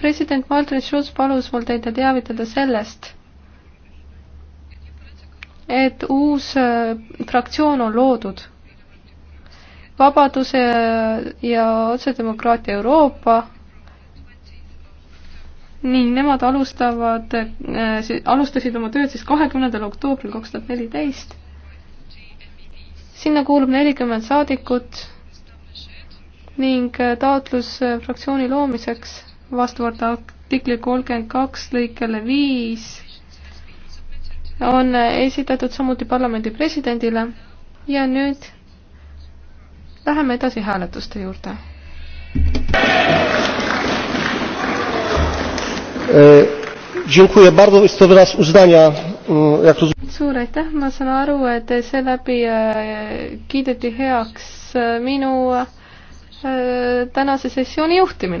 president Martin Schulz palus mul teid teavitada sellest, et uus äh, fraktsioon on loodud. vabaduse äh, ja otsedemokraatia Euroopa ning nemad alustavad äh,, alustasid oma tööd siis kahekümnendal oktoobril kaks tuhat neliteist. sinna kuulub nelikümmend saadikut ning äh, taotlus fraktsiooni loomiseks vastavalt artikli kolmkümmend kaks lõikele viis on esitatud samuti parlamendi presidendile ja nüüd läheme edasi hääletuste juurde. E, mm, suur aitäh, ma saan aru, et seeläbi e, kiideti heaks minu e, tänase sessiooni juhtimine.